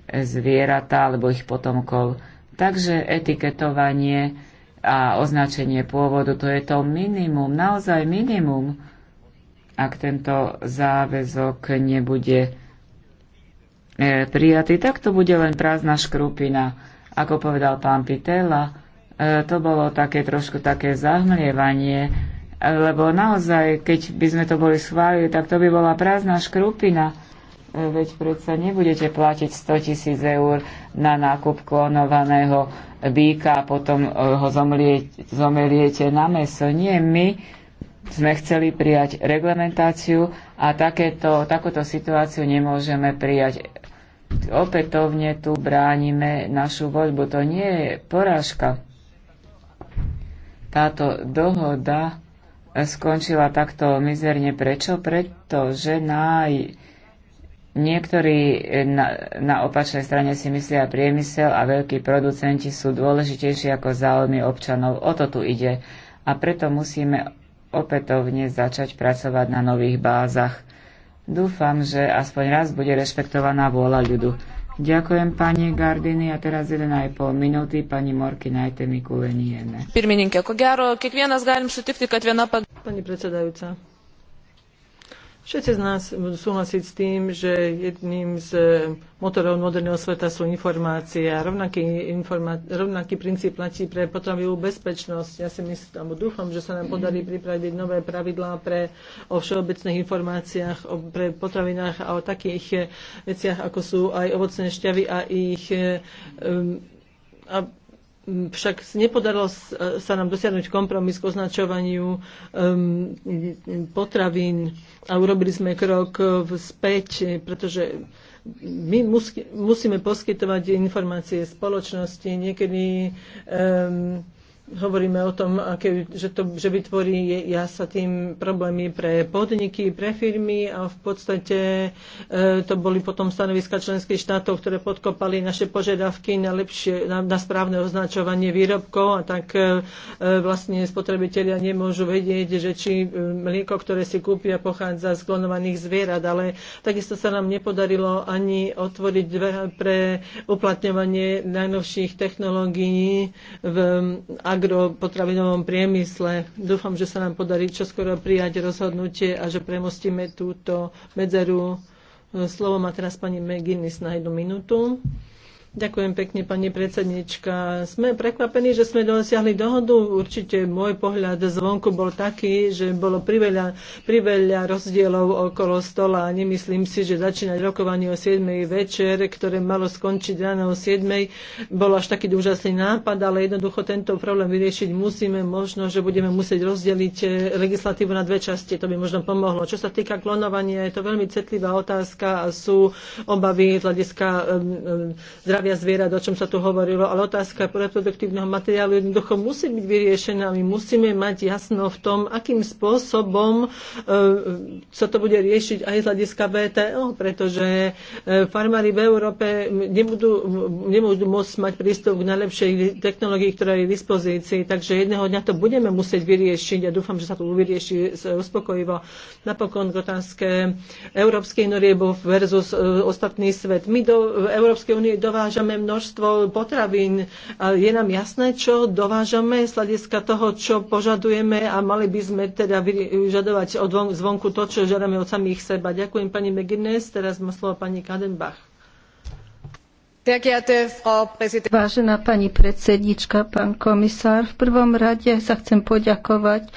zvieratá alebo ich potomkov. Takže etiketovanie a označenie pôvodu, to je to minimum, naozaj minimum, ak tento záväzok nebude e, prijatý, tak to bude len prázdna škrupina. Ako povedal pán Pitela, e, to bolo také trošku také zahmlievanie, lebo naozaj, keď by sme to boli schválili, tak to by bola prázdna škrupina. E, veď predsa nebudete platiť 100 tisíc eur na nákup klonovaného býka a potom e, ho zomeliete na meso. Nie, my sme chceli prijať reglementáciu a takéto, takúto situáciu nemôžeme prijať. Opätovne tu bránime našu voľbu. To nie je porážka. Táto dohoda skončila takto mizerne. Prečo? Pretože naj Niektorí e, na, na opačnej strane si myslia, priemysel a veľkí producenti sú dôležitejší ako záujmy občanov. O to tu ide. A preto musíme opätovne začať pracovať na nových bázach. Dúfam, že aspoň raz bude rešpektovaná vôľa ľudu. Ďakujem pani Gardini a teraz 1,5 minúty pani Morky najte mi kúlenie. Pani predsedajúca, Všetci z nás súhlasiť s tým, že jedným z eh, motorov moderného sveta sú informácie a rovnaký, informa- rovnaký princíp platí pre potravinovú bezpečnosť. Ja si myslím, alebo dúfam, že sa nám podarí pripraviť nové pravidlá pre, o všeobecných informáciách, o, pre potravinách a o takých eh, veciach, ako sú aj ovocné šťavy a ich um, a Mm, však nepodarilo e, sa nám dosiahnuť kompromis k označovaniu potravín a urobili sme krok e, späť, e, pretože my musíme poskytovať informácie spoločnosti. Niekedy um, hovoríme o tom, aké, že, to, že vytvorí ja sa tým problémy pre podniky, pre firmy a v podstate e, to boli potom stanoviska členských štátov, ktoré podkopali naše požiadavky na, lepšie, na, na správne označovanie výrobkov a tak e, e vlastne spotrebitelia nemôžu vedieť, že či e, mlieko, ktoré si kúpia, pochádza z klonovaných zvierat, ale takisto sa nám nepodarilo ani otvoriť dve pre uplatňovanie najnovších technológií v agropotravinovom priemysle. Dúfam, že sa nám podarí čoskoro prijať rozhodnutie a že premostíme túto medzeru. Slovo má teraz pani McGinnis na jednu minútu. Ďakujem pekne, pani predsednička. Sme prekvapení, že sme dosiahli dohodu. Určite môj pohľad zvonku bol taký, že bolo priveľa, priveľa rozdielov okolo stola. Nemyslím si, že začínať rokovanie o 7. večer, ktoré malo skončiť ráno o 7. bol až taký úžasný nápad, ale jednoducho tento problém vyriešiť musíme. Možno, že budeme musieť rozdeliť eh, legislatívu na dve časti. To by možno pomohlo. Čo sa týka klonovania, je to veľmi citlivá otázka a sú obavy z hľadiska um, zdravia zvierat, o čom sa tu hovorilo, ale otázka reproduktívneho materiálu jednoducho musí byť vyriešená. My musíme mať jasno v tom, akým spôsobom e, sa to bude riešiť aj z hľadiska VTO, pretože e, farmári v Európe nebudú, nebudú môcť mať prístup k najlepšej technológii, ktorá je v dispozícii, takže jedného dňa to budeme musieť vyriešiť a ja dúfam, že sa to vyrieši uspokojivo. Napokon k otázke európskych noriebov versus e, ostatný svet. My do Európskej únie dovážame dovážame množstvo potravín. Je nám jasné, čo dovážame z hľadiska toho, čo požadujeme a mali by sme teda vyžadovať od zvonku to, čo žiadame od samých seba. Ďakujem pani McGuinness, teraz má slovo pani Kadenbach. Vážená pani predsednička, pán komisár, v prvom rade sa chcem poďakovať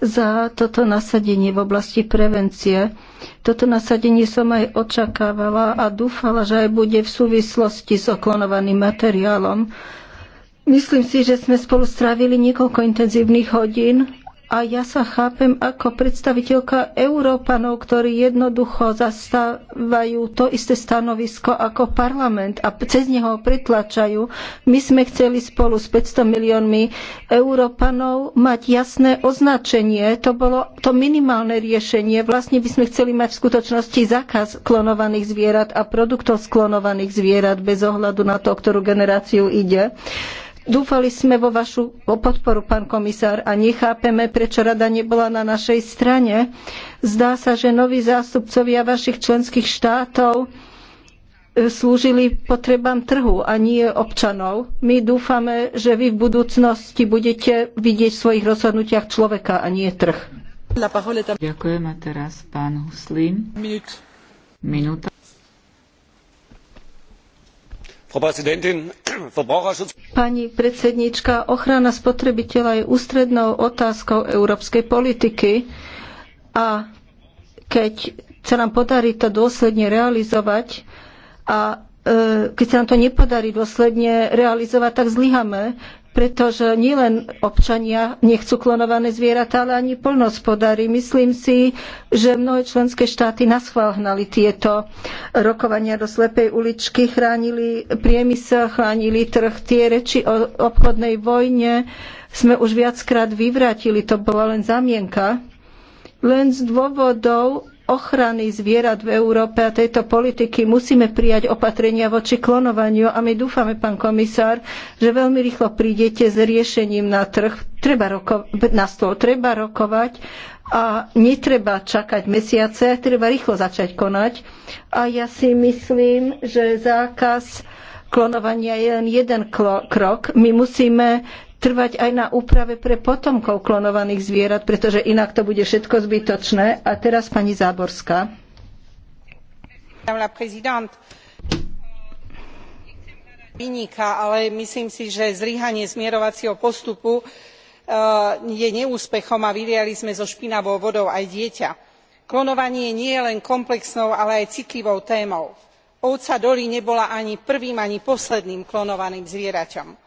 za toto nasadenie v oblasti prevencie. Toto nasadenie som aj očakávala a dúfala, že aj bude v súvislosti s oklonovaným materiálom. Myslím si, že sme spolu strávili niekoľko intenzívnych hodín a ja sa chápem ako predstaviteľka Európanov, ktorí jednoducho zastávajú to isté stanovisko ako parlament a cez neho pretlačajú. My sme chceli spolu s 500 miliónmi Európanov mať jasné označenie. To bolo to minimálne riešenie. Vlastne by sme chceli mať v skutočnosti zákaz klonovaných zvierat a produktov sklonovaných zvierat bez ohľadu na to, o ktorú generáciu ide. Dúfali sme vo vašu podporu, pán komisár, a nechápeme, prečo rada nebola na našej strane. Zdá sa, že noví zástupcovia vašich členských štátov e, slúžili potrebám trhu a nie občanov. My dúfame, že vy v budúcnosti budete vidieť v svojich rozhodnutiach človeka a nie trh. teraz pán Huslín. Minúta. Pani predsedníčka, ochrana spotrebiteľa je ústrednou otázkou európskej politiky a keď sa nám podarí to dôsledne realizovať a e, keď sa nám to nepodarí dôsledne realizovať, tak zlyhame pretože nielen občania nechcú klonované zvieratá, ale ani poľnohospodári. Myslím si, že mnohé členské štáty naschvál hnali tieto rokovania do slepej uličky, chránili priemysel, chránili trh. Tie reči o obchodnej vojne sme už viackrát vyvrátili, to bola len zamienka. Len z dôvodov, ochrany zvierat v Európe a tejto politiky musíme prijať opatrenia voči klonovaniu a my dúfame, pán komisár, že veľmi rýchlo prídete s riešením na trh, treba roko- na stôl, treba rokovať a netreba čakať mesiace, treba rýchlo začať konať. A ja si myslím, že zákaz klonovania je len jeden krok. My musíme trvať aj na úprave pre potomkov klonovaných zvierat, pretože inak to bude všetko zbytočné. A teraz pani Záborská. Vyniká, ale myslím si, že zlyhanie zmierovacieho postupu e, je neúspechom a vyliali sme so špinavou vodou aj dieťa. Klonovanie nie je len komplexnou, ale aj citlivou témou. Ovca Dolly nebola ani prvým, ani posledným klonovaným zvieraťom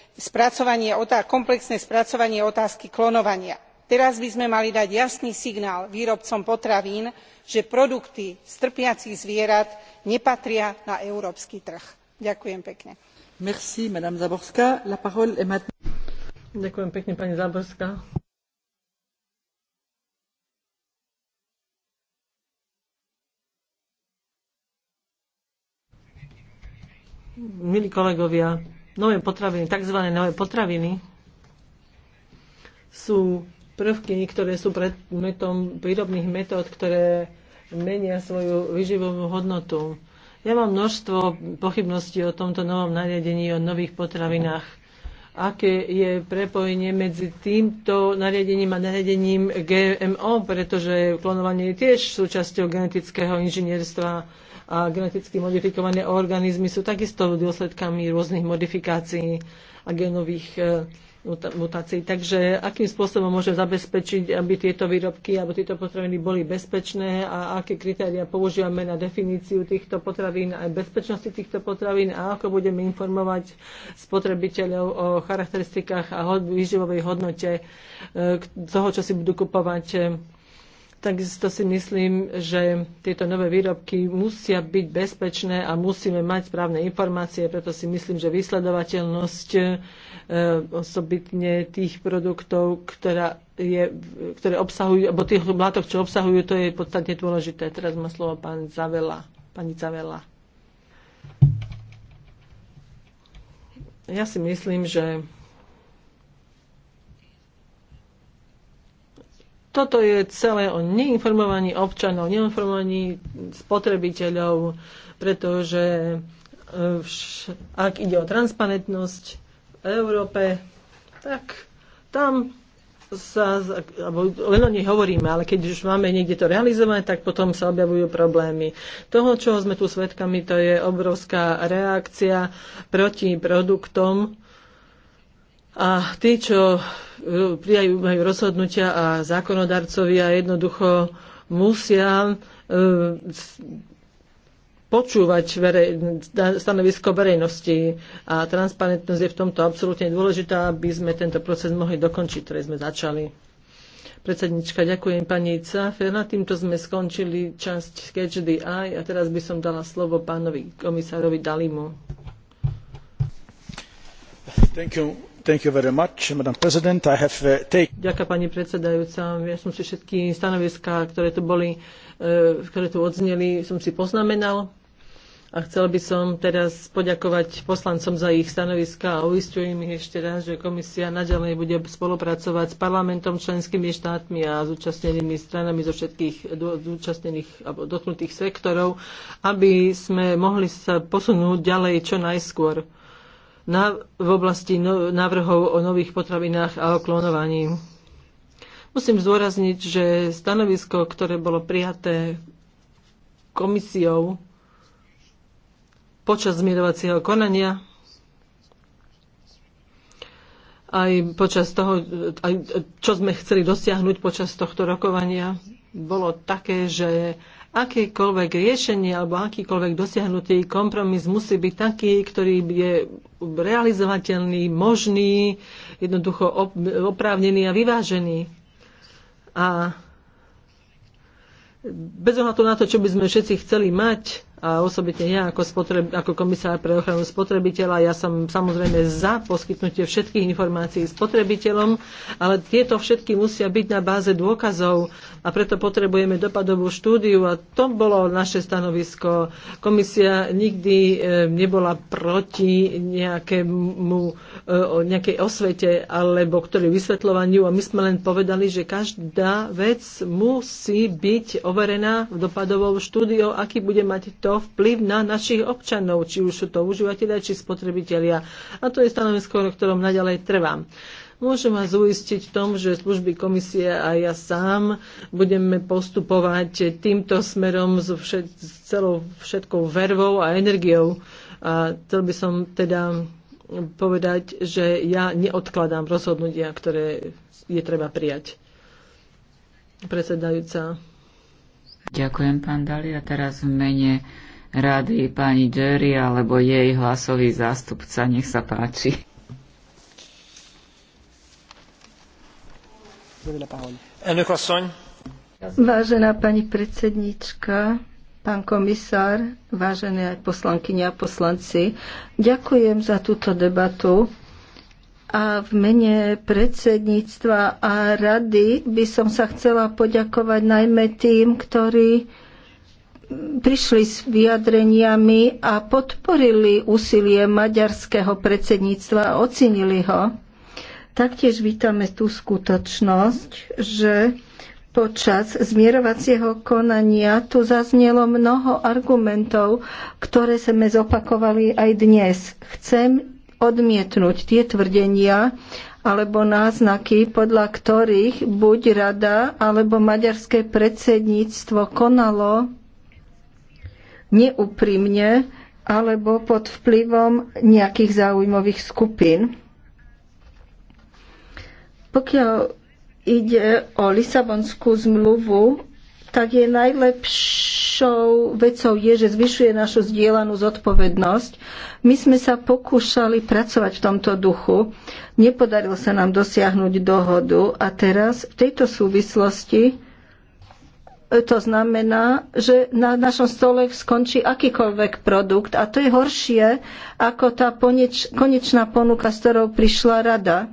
komplexné spracovanie otázky klonovania. teraz by sme mali dať jasný signál výrobcom potravín že produkty z trpiacich zvierat nepatria na európsky trh. ďakujem pekne nové potraviny, tzv. nové potraviny, sú prvky, ktoré sú predmetom výrobných metód, ktoré menia svoju vyživovú hodnotu. Ja mám množstvo pochybností o tomto novom nariadení o nových potravinách. Aké je prepojenie medzi týmto nariadením a nariadením GMO, pretože klonovanie je tiež súčasťou genetického inžinierstva a geneticky modifikované organizmy sú takisto dôsledkami rôznych modifikácií a genových e, mutácií. Takže akým spôsobom môže zabezpečiť, aby tieto výrobky alebo tieto potraviny boli bezpečné a aké kritéria používame na definíciu týchto potravín a bezpečnosti týchto potravín a ako budeme informovať spotrebiteľov o charakteristikách a výživovej hodnote e, toho, čo si budú kupovať e, Takisto si myslím, že tieto nové výrobky musia byť bezpečné a musíme mať správne informácie, preto si myslím, že vysledovateľnosť e, osobitne tých produktov, ktorá je, ktoré obsahujú, alebo tých látok, čo obsahujú, to je v dôležité. Teraz má slovo pán Zavela, pani Zavela. Ja si myslím, že toto je celé o neinformovaní občanov, neinformovaní spotrebiteľov, pretože e, ak ide o transparentnosť v Európe, tak tam sa, alebo len o nej hovoríme, ale keď už máme niekde to realizovať, tak potom sa objavujú problémy. Toho, čoho sme tu svedkami, to je obrovská reakcia proti produktom, a tí, čo e, prijajú rozhodnutia a zákonodarcovia jednoducho musia e, počúvať verej, stanovisko verejnosti a transparentnosť je v tomto absolútne dôležitá, aby sme tento proces mohli dokončiť, ktorý sme začali. Predsednička, ďakujem pani Na Týmto sme skončili časť Sketch the Eye a teraz by som dala slovo pánovi komisárovi Dalimu. Thank you. Uh, Ďakujem pani predsedajúca. Ja som si všetky stanoviská, ktoré tu boli, e, ktoré tu odzneli, som si poznamenal. A chcel by som teraz poďakovať poslancom za ich stanoviska a uistujem ich ešte raz, že komisia naďalej bude spolupracovať s parlamentom, členskými štátmi a zúčastnenými stranami zo všetkých zúčastnených alebo dotknutých sektorov, aby sme mohli sa posunúť ďalej čo najskôr v oblasti no, návrhov o nových potravinách a o klonovaní. Musím zdôrazniť, že stanovisko, ktoré bolo prijaté komisiou počas zmierovacieho konania, aj počas toho, aj čo sme chceli dosiahnuť počas tohto rokovania, bolo také, že akékoľvek riešenie alebo akýkoľvek dosiahnutý kompromis musí byť taký, ktorý je realizovateľný, možný, jednoducho oprávnený a vyvážený. A bez ohľadu na to, čo by sme všetci chceli mať, a osobitne ja ako, spotreb, ako komisár pre ochranu spotrebiteľa, ja som samozrejme za poskytnutie všetkých informácií spotrebiteľom, ale tieto všetky musia byť na báze dôkazov a preto potrebujeme dopadovú štúdiu a to bolo naše stanovisko. Komisia nikdy eh, nebola proti nejakému, eh, nejakej osvete alebo ktorý vysvetľovaniu a my sme len povedali, že každá vec musí byť overená v dopadovou štúdiou, aký bude mať to to vplyv na našich občanov, či už sú to užívateľia, či spotrebitelia. A to je stanovisko, na ktorom naďalej trvám. Môžem vás uistiť v tom, že služby komisie a ja sám budeme postupovať týmto smerom s všet, celou všetkou vervou a energiou. A chcel by som teda povedať, že ja neodkladám rozhodnutia, ktoré je treba prijať. Predsedajúca. Ďakujem, pán Dali. A teraz v mene rady pani Jerry alebo jej hlasový zástupca. Nech sa páči. Vážená pani predsednička, pán komisár, vážené aj poslankyne a poslanci, ďakujem za túto debatu. A v mene predsedníctva a rady by som sa chcela poďakovať najmä tým, ktorí prišli s vyjadreniami a podporili úsilie maďarského predsedníctva a ocenili ho. Taktiež vítame tú skutočnosť, že počas zmierovacieho konania tu zaznelo mnoho argumentov, ktoré sme zopakovali aj dnes. Chcem odmietnúť tie tvrdenia alebo náznaky, podľa ktorých buď rada alebo maďarské predsedníctvo konalo neúprimne alebo pod vplyvom nejakých záujmových skupín. Pokiaľ ide o Lisabonskú zmluvu, tak je najlepšou vecou je, že zvyšuje našu zdieľanú zodpovednosť. My sme sa pokúšali pracovať v tomto duchu. Nepodarilo sa nám dosiahnuť dohodu a teraz v tejto súvislosti e, to znamená, že na našom stole skončí akýkoľvek produkt a to je horšie ako tá poneč, konečná ponuka, s ktorou prišla rada.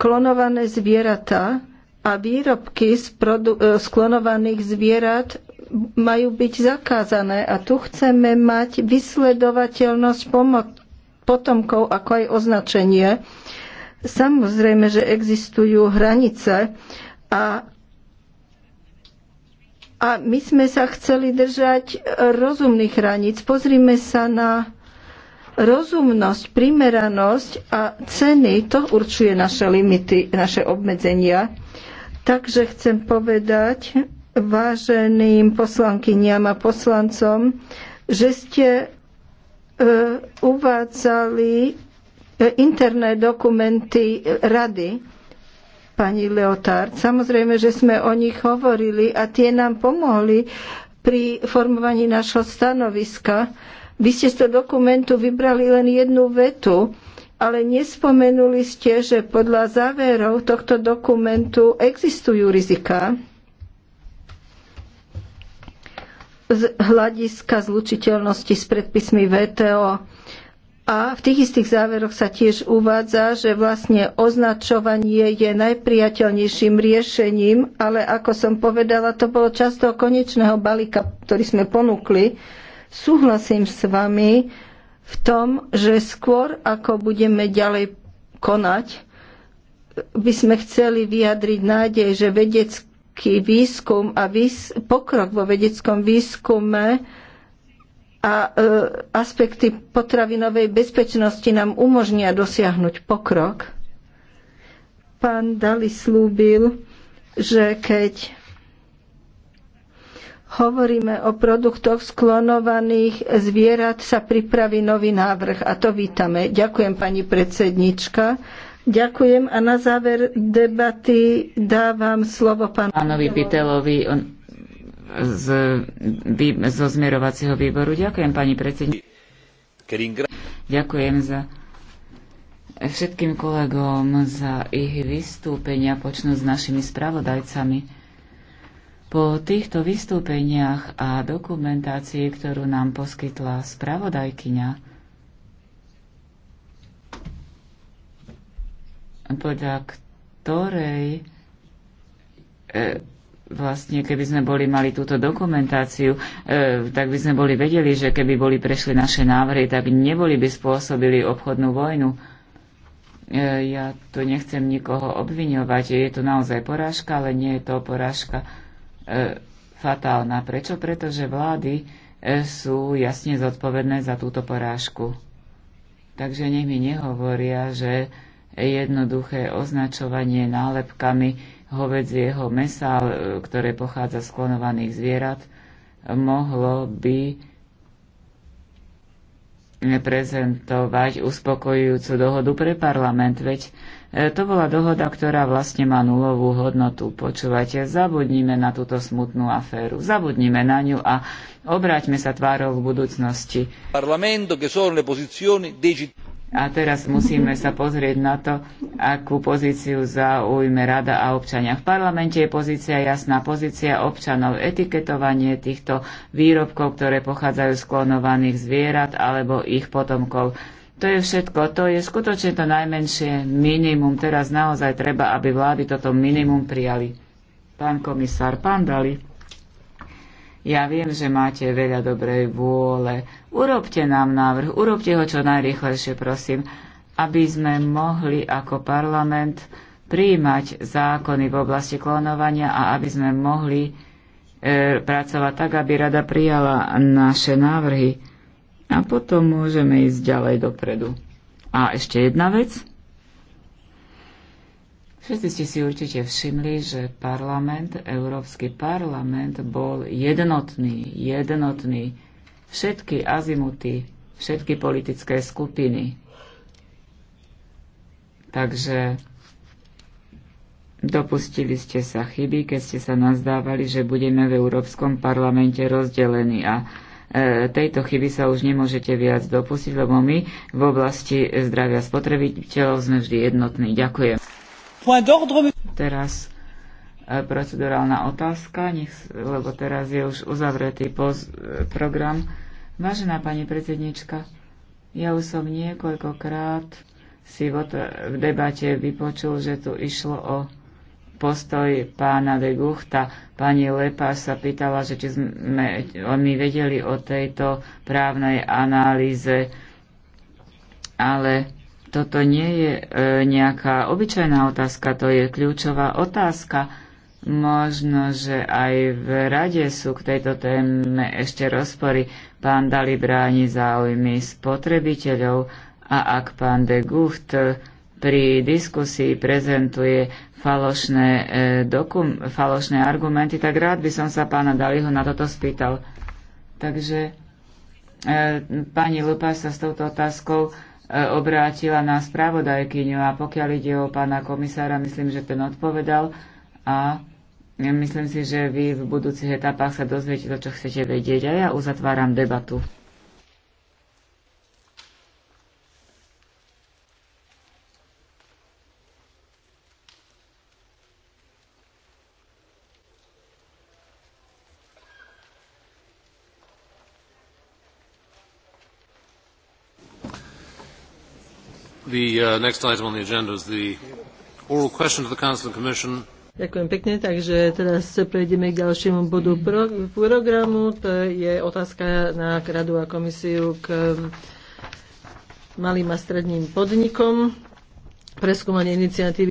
Klonované zvieratá a výrobky z, e, z klonovaných zvierat majú byť zakázané a tu chceme mať vysledovateľnosť potomkov ako aj označenie. Samozrejme, že existujú hranice a a my sme sa chceli držať rozumných hraníc. Pozrime sa na rozumnosť, primeranosť a ceny. To určuje naše limity, naše obmedzenia. Takže chcem povedať váženým poslankyniam a poslancom, že ste e, uvádzali e, interné dokumenty rady pani Leotard. Samozrejme, že sme o nich hovorili a tie nám pomohli pri formovaní našho stanoviska. Vy ste z toho dokumentu vybrali len jednu vetu ale nespomenuli ste, že podľa záverov tohto dokumentu existujú rizika z hľadiska zlučiteľnosti s predpismi VTO. A v tých istých záveroch sa tiež uvádza, že vlastne označovanie je najpriateľnejším riešením, ale ako som povedala, to bolo často konečného balíka, ktorý sme ponúkli. Súhlasím s vami, v tom, že skôr ako budeme ďalej konať, by sme chceli vyjadriť nádej, že vedecký výskum a výs- pokrok vo vedeckom výskume a e, aspekty potravinovej bezpečnosti nám umožnia dosiahnuť pokrok. Pán Dali slúbil, že keď hovoríme o produktoch sklonovaných zvierat, sa pripraví nový návrh a to vítame. Ďakujem pani predsednička. Ďakujem a na záver debaty dávam slovo pánu... pánovi Pitelovi z, vý, zo zmierovacieho výboru. Ďakujem pani predsednička. Ďakujem za všetkým kolegom za ich vystúpenia počnú s našimi spravodajcami. Po týchto vystúpeniach a dokumentácii, ktorú nám poskytla spravodajkyňa, podľa ktorej e, vlastne, keby sme boli mali túto dokumentáciu, e, tak by sme boli vedeli, že keby boli prešli naše návrhy, tak neboli by spôsobili obchodnú vojnu. E, ja tu nechcem nikoho obviňovať, je to naozaj porážka, ale nie je to porážka E, fatálna. Prečo? Pretože vlády e, sú jasne zodpovedné za túto porážku. Takže nech mi nehovoria, že jednoduché označovanie nálepkami hovedzieho mesa, e, ktoré pochádza z klonovaných zvierat, mohlo by prezentovať uspokojujúcu dohodu pre parlament, veď e, to bola dohoda, ktorá vlastne má nulovú hodnotu. počúvate, zabudnime na túto smutnú aféru, zabudnime na ňu a obráťme sa tvárou k budúcnosti. A teraz musíme sa pozrieť na to, akú pozíciu zaujme rada a občania. V parlamente je pozícia jasná, pozícia občanov, etiketovanie týchto výrobkov, ktoré pochádzajú z klonovaných zvierat alebo ich potomkov. To je všetko, to je skutočne to najmenšie minimum. Teraz naozaj treba, aby vlády toto minimum prijali. Pán komisár, pán Dali. Ja viem, že máte veľa dobrej vôle. Urobte nám návrh, urobte ho čo najrychlejšie, prosím, aby sme mohli ako parlament príjmať zákony v oblasti klonovania a aby sme mohli e, pracovať tak, aby rada prijala naše návrhy. A potom môžeme ísť ďalej dopredu. A ešte jedna vec. Všetci ste si určite všimli, že parlament, Európsky parlament bol jednotný, jednotný. Všetky azimuty, všetky politické skupiny. Takže dopustili ste sa chyby, keď ste sa nazdávali, že budeme v Európskom parlamente rozdelení a e, tejto chyby sa už nemôžete viac dopustiť, lebo my v oblasti zdravia spotrebiteľov sme vždy jednotní. Ďakujem. Teraz e, procedurálna otázka, nech, lebo teraz je už uzavretý program. Vážená pani predsednička, ja už som niekoľkokrát si v debate vypočul, že tu išlo o postoj pána de Guchta. Pani Lepa sa pýtala, že či sme oni vedeli o tejto právnej analýze, ale toto nie je e, nejaká obyčajná otázka, to je kľúčová otázka. Možno, že aj v rade sú k tejto téme ešte rozpory. Pán Dali bráni záujmy spotrebiteľov a ak pán de Gucht pri diskusii prezentuje falošné, e, dokum, falošné argumenty, tak rád by som sa pána Daliho na toto spýtal. Takže e, pani Lupa sa s touto otázkou E, obrátila na spravodajkyňu a pokiaľ ide o pána komisára, myslím, že ten odpovedal a myslím si, že vy v budúcich etapách sa dozviete to, čo chcete vedieť a ja uzatváram debatu. The uh, next item on the agenda is the oral question to the Council and Commission. Ďakujem pekne, takže teraz prejdeme k ďalšiemu bodu pro, programu. To je otázka na radu a komisiu k um, malým a stredným podnikom. Preskúmanie iniciatívy